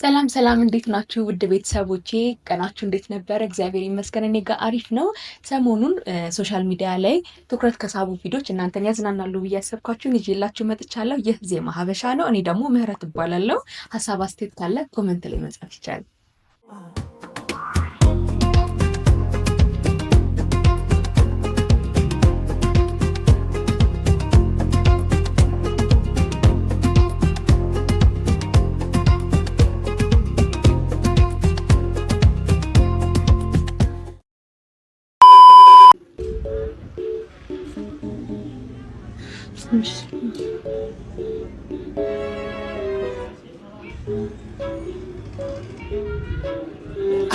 ሰላም ሰላም፣ እንዴት ናችሁ ውድ ቤተሰቦቼ? ቀናችሁ እንዴት ነበረ? እግዚአብሔር ይመስገን እኔ ጋር አሪፍ ነው። ሰሞኑን ሶሻል ሚዲያ ላይ ትኩረት ከሳቡ ቪዲዮች እናንተን ያዝናናሉ ብዬ ያሰብኳችሁን ይዤላችሁ መጥቻለሁ። ይህ ዜማ ሀበሻ ነው። እኔ ደግሞ ምህረት እባላለሁ። ሀሳብ አስተያየት ካለ ኮመንት ላይ መጻፍ ይቻላል።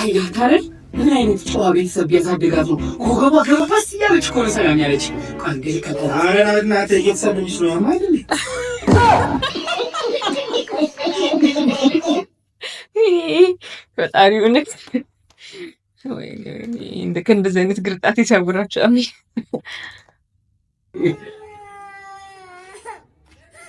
አያት ምን አይነት ጨዋ ቤተሰብ ያሳደጋት ነው። ኮከቧ እያለች እኮ ነው ሰላም ያለች። ፈጣሪ እውነት ከእንደዚህ አይነት ግርጣት ይሰውራቸው።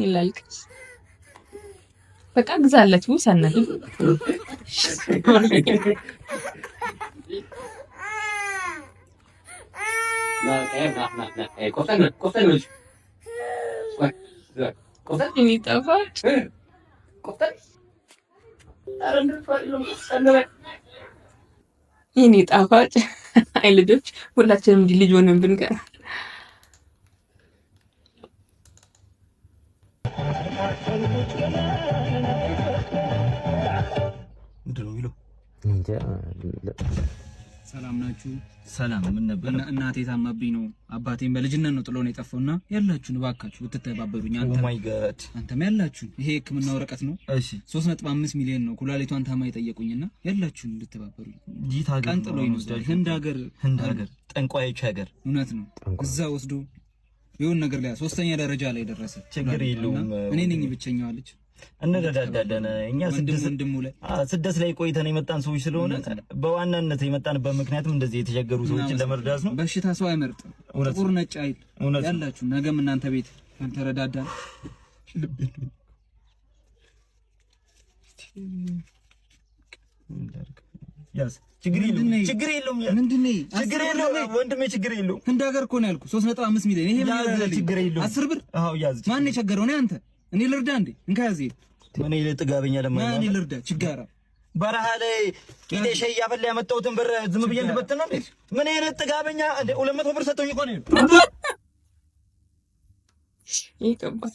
ይላልቅስ በቃ ግዛለት ሰነድ ቆፍጠን ይህኔ ጣፋጭ አይ ልጆች ሁላችንም እንዲህ ልጅ ሆነን ብንቀር ምንድን ነው የሚለው ሰላም ናችሁ? ሰላም። ምን ነበር? እናቴ ታማብኝ ነው አባቴም በልጅነት ነው ጥሎን የጠፋውና ያላችሁን እባካችሁ ብትተባበሩኝ። አንተ ማይ ጋድ አንተም ያላችሁ ይሄ ሕክምና ወረቀት ነው። እሺ 3.5 ሚሊዮን ነው ኩላሊቷን ታማ የጠየቁኝና ያላችሁን ብትተባበሩኝ። ይታ ጋር ቀን ጥሎኝ ነው ህንድ ሀገር፣ ህንድ ሀገር ጠንቋዮች ሀገር እውነት ነው። እዛ ወስዶ ይሁን ነገር ላይ ሶስተኛ ደረጃ ላይ ደረሰ። ችግር የለውም። እኔ ነኝ ብቸኛዋ ልጅ እንረዳዳለን። እኛ ስደት ላይ ቆይተን የመጣን ሰዎች ስለሆነ በዋናነት የመጣንበት ምክንያትም እንደዚህ የተቸገሩ ሰዎችን ለመርዳት ነው። በሽታ ሰው አይመርጥም፣ ጥቁር ነጭ አይል ያላችሁ ነገም እናንተ ቤት ካልተረዳዳን ችግር የለውም፣ ችግር የለውም፣ ችግር የለውም ወንድሜ፣ ወንድሜ ችግር የለውም እንደ ሀገር እኮ ነው ያልኩህ። ሶስት ነጥብ አምስት ሚሊዮን ይሄ ችግር የለውም። አስር ብር ያዝ። ማን የቸገረው ነው አንተ እኔ ልርዳ እንዴ? እንካ ያዜ እኔ ጥጋበኛ ደማ እኔ ልርዳ ችጋራ በረሃ ላይ ቂጤ ሸይ እያፈላ ያመጣሁትን ብር ዝም ብዬ እንድበትን ነው? ምን አይነት ጥጋበኛ! ሁለት መቶ ብር ሰጠኝ እኮ ነው። ይቀባል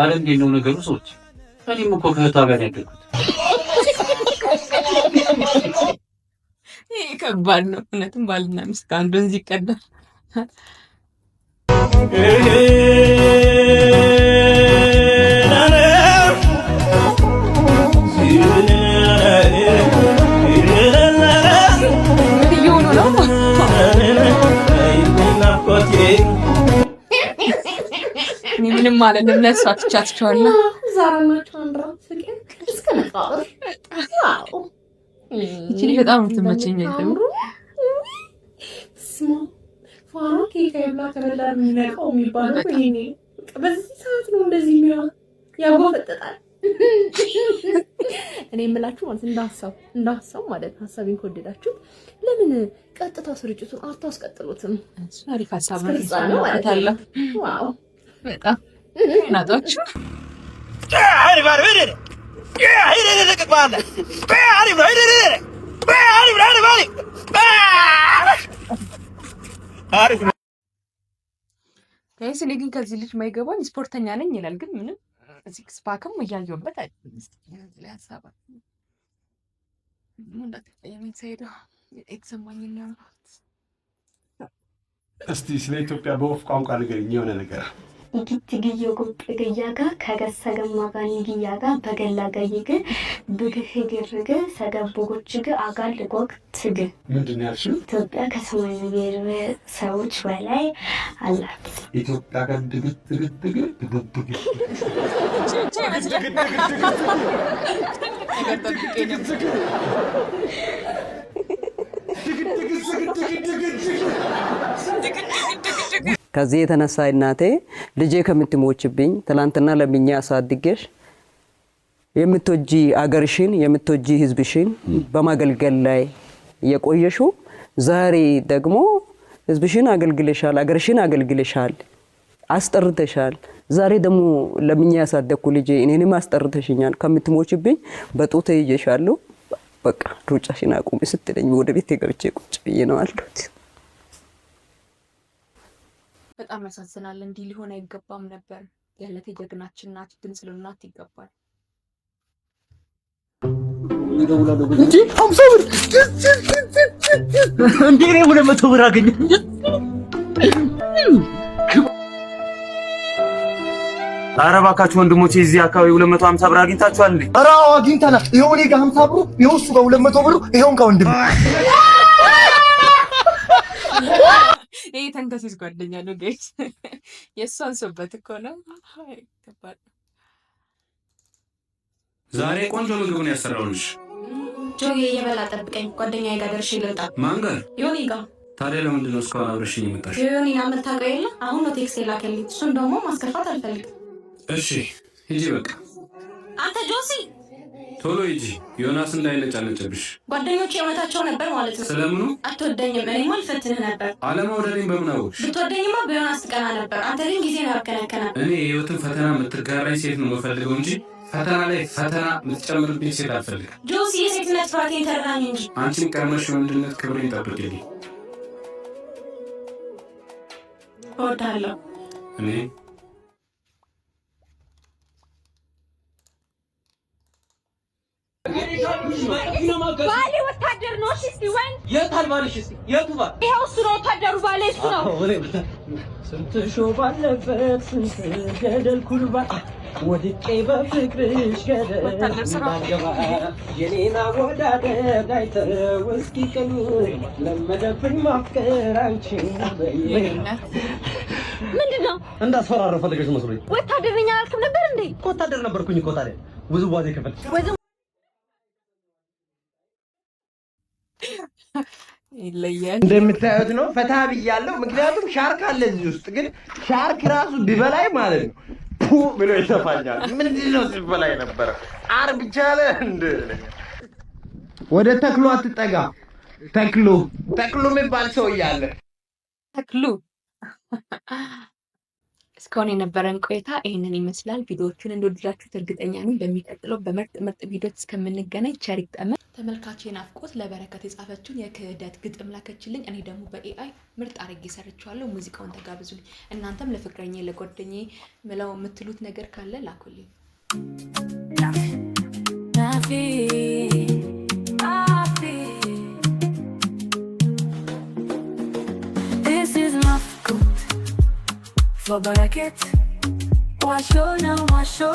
አረ እንዴት ነው ነገሩ? ሰዎች እኔም እኮ ከእህቷ ጋር ያደርኩት ይሄ ከባድ ነው። እውነትም ባልና ሚስት አንዱ እንዚህ ይቀዳል። ምንም ማለት ለነሱ አትቻትቻለሁ። ዛሬ ፍቅር እስከ መቃብር። አዎ በጣም የምትመቸኝ አይደለም። ፋሮ የሚነቀው የሚባለው በዚህ ሰዓት ነው እንደዚህ ያጎፈጠጣል። እኔ የምላችሁ ማለት እንዳሳብ እንዳሳብ ማለት ሀሳቤን ከወደዳችሁ ለምን ቀጥታ ስርጭቱን አታስቀጥሉትም? አሪፍ ሀሳብ ነው ማለት ዋው በጣም ይስ እኔ ግን ከዚህ ልጅ ማይገባኝ ስፖርተኛ ነኝ ይላል፣ ግን ምንም እዚህ ስፓክም እያየሁበት እስቲ ስለ ኢትዮጵያ በወፍ ቋንቋ ንገረኝ የሆነ ነገር ኢኪት ግዮ ቁጥ ግያጋ ከገሰገማ ጋኒ ጋ በገላ ገይግ ብግህ ግርግ ሰገቦጎች ግ አጋል ጎግ ትግ ምንድን ያልሽው ኢትዮጵያ ከሰማንያ ብሔረሰቦች በላይ አላት። ኢትዮጵያ ጋር ድግትግትግ ድግትግ ድግትግ ከዚህ የተነሳ እናቴ ልጄ ከምትሞችብኝ ትላንትና ለምኛ አሳድገሽ የምትወጂ አገርሽን የምትወጂ ህዝብሽን በማገልገል ላይ የቆየሹ ዛሬ ደግሞ ህዝብሽን አገልግልሻል፣ አገርሽን አገልግልሻል፣ አስጠርተሻል። ዛሬ ደግሞ ለምኛ ያሳደግኩ ልጄ እኔንም አስጠርተሽኛል። ከምትሞችብኝ በጡቴ ይዤሻለሁ። በቃ ሩጫሽን አቁሚ ስትለኝ ወደ ቤት ገብቼ ቁጭ ብዬ ነው አሉት። በጣም ያሳዝናል። እንዲህ ሊሆን አይገባም ነበር። ያለቴ ጀግናችን ናት። ድምፅ ልናት ይገባል። እንዴ ሁለት መቶ ብር አገኘ አረ እባካችሁ ወንድሞቼ እዚህ አካባቢ 250 ብር አግኝታችኋል እንዴ? አረ አግኝተናል። ይኸው እኔ ጋር 50 ብሩ፣ ይኸው እሱ ጋር 200 ብሩ፣ ይኸውን ጋር ወንድም ይህ ተንከሲስ ጓደኛ ነው ጋይስ። የእሱ አንሶበት እኮ ነው። ዛሬ ቆንጆ ምግቡን ያሰራውልሽ ጆ የበላ እየበላ ጠብቀኝ፣ ጓደኛ ጋደርሽ ደርሼ ልወጣ። ዮኒ ታዲያ ለምንድን ነው እስካሁን አብረሽኝ የመጣሽ? ዮኒን አመታቀ የለ አሁን ነው ቴክስት የላከልኝ። እሱን ደግሞ ማስከፋት አልፈልግም። እሺ ሂጂ በቃ አንተ ጆሲ ቶሎ ሂጂ፣ ዮናስ እንዳይለጫለጭብሽ። ጓደኞቹ የእውነታቸው ነበር ማለት ነው። ስለምኑ አትወደኝም? እኔማ አልፈትንህ ነበር። አለመውደዴን በምን አወቅሽ? ብትወደኝማ በዮናስ ትቀና ነበር። አንተ ግን ጊዜ ነው ያከናከናል። እኔ የህይወትን ፈተና የምትጋራኝ ሴት ነው የምፈልገው እንጂ ፈተና ላይ ፈተና የምትጨምርብኝ ሴት አልፈልግም። ጆሲ፣ የሴትነት ፍርሃቴን ተረዳኝ እንጂ አንቺን ቀመሽ የወንድነት ክብሬን ጠብቅልኝ። እወድሃለሁ እኔ ባሌ ወታደር ነው። እሺ፣ እስኪ ወንድ የት አልባልሽ? እስኪ የቱ ባል? ይኸው እሱ ነው ወታደሩ፣ ባሌ እሱ ነው። ስንት ሾህ ባለበት ስንት ገደል ኩርባ ወድቄ በፍቅርሽ ገደል ባልገባ የኔን አወዳደር አይተህ ውስኪ ቅሉ ለመደብን ማፍቀር አንቺን ምንድን ነው እንዳስፈራራ ፈልገሽ መስሎኝ ወታደረኛ አላልክም ነበር እንዴ? ወታደር ነበርኩኝ እኮ ታዲያ ውዝዋዜ ክፍል ይለያል። እንደምታዩት ነው ፈታ ብያለሁ። ምክንያቱም ሻርክ አለ እዚህ ውስጥ። ግን ሻርክ ራሱ ቢበላይ ማለት ነው ፑ ብሎ ይተፋኛል። ምንድን ነው ሲበላይ ነበረ አር ብቻ እንደ ወደ ተክሎ አትጠጋ። ተክሎ ተክሎ የሚባል ሰው እያለ ተክሎ እስካሁን የነበረን ቆይታ ይህንን ይመስላል። ቪዲዮዎቹን እንደወደዳችሁት እርግጠኛ ነኝ። በሚቀጥለው በምርጥ ምርጥ ቪዲዮች እስከምንገናኝ ቸር ይግጠመን። ተመልካች ናፍቆት ለበረከት የጻፈችውን የክህደት ግጥም ላከችልኝ። እኔ ደግሞ በኤአይ ምርጥ አድርጌ ሰርችዋለሁ። ሙዚቃውን ተጋብዙልኝ። እናንተም ለፍቅረኛ ለጓደኛ ምለው የምትሉት ነገር ካለ ላኩልኝ። Baba Racket Washo now Washo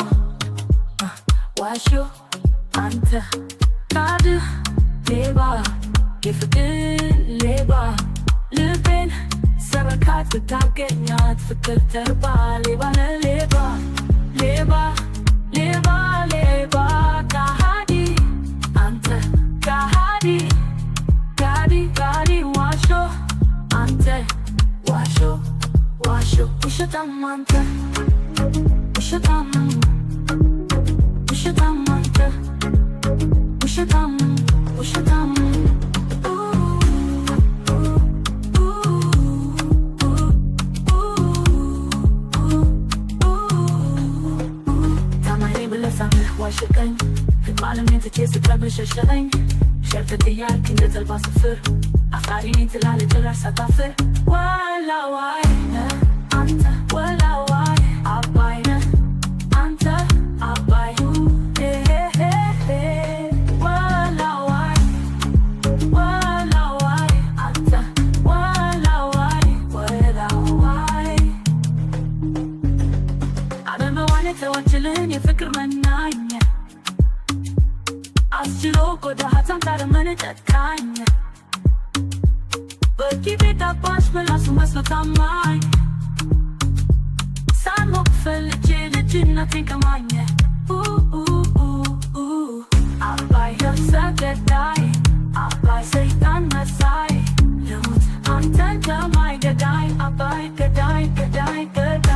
Washo Anta Kadu Deba If a good labor Lupin Several cards without getting yards for the Deba Leba Leba Leba Leba Leba tam mantı Işık tam Işık tam mantı Işık tam Işık tam وعشقين في المعلومات تيسك ببش الشغين شرطة ديار كنت تلبس صفر أفكاري انت تلالي تلعس أطفر ولا وعينا أنت come mine Sanno fell che le ginna think I'm mine yeah. Ooh, ooh, ooh, ooh I'll buy your circuit die I'll buy Satan my side Don't untangle my gadai I'll buy gadai, gadai, gadai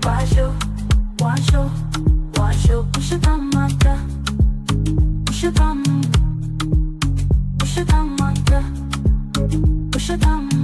Push it on Push it on Push it on